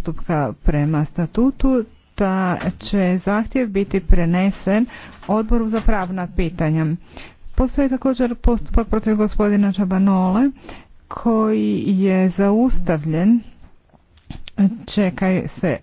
postupka prema statutu da će zahtjev biti prenesen odboru za pravna pitanja. Postoji također postupak protiv gospodina Čabanole koji je zaustavljen čekaj se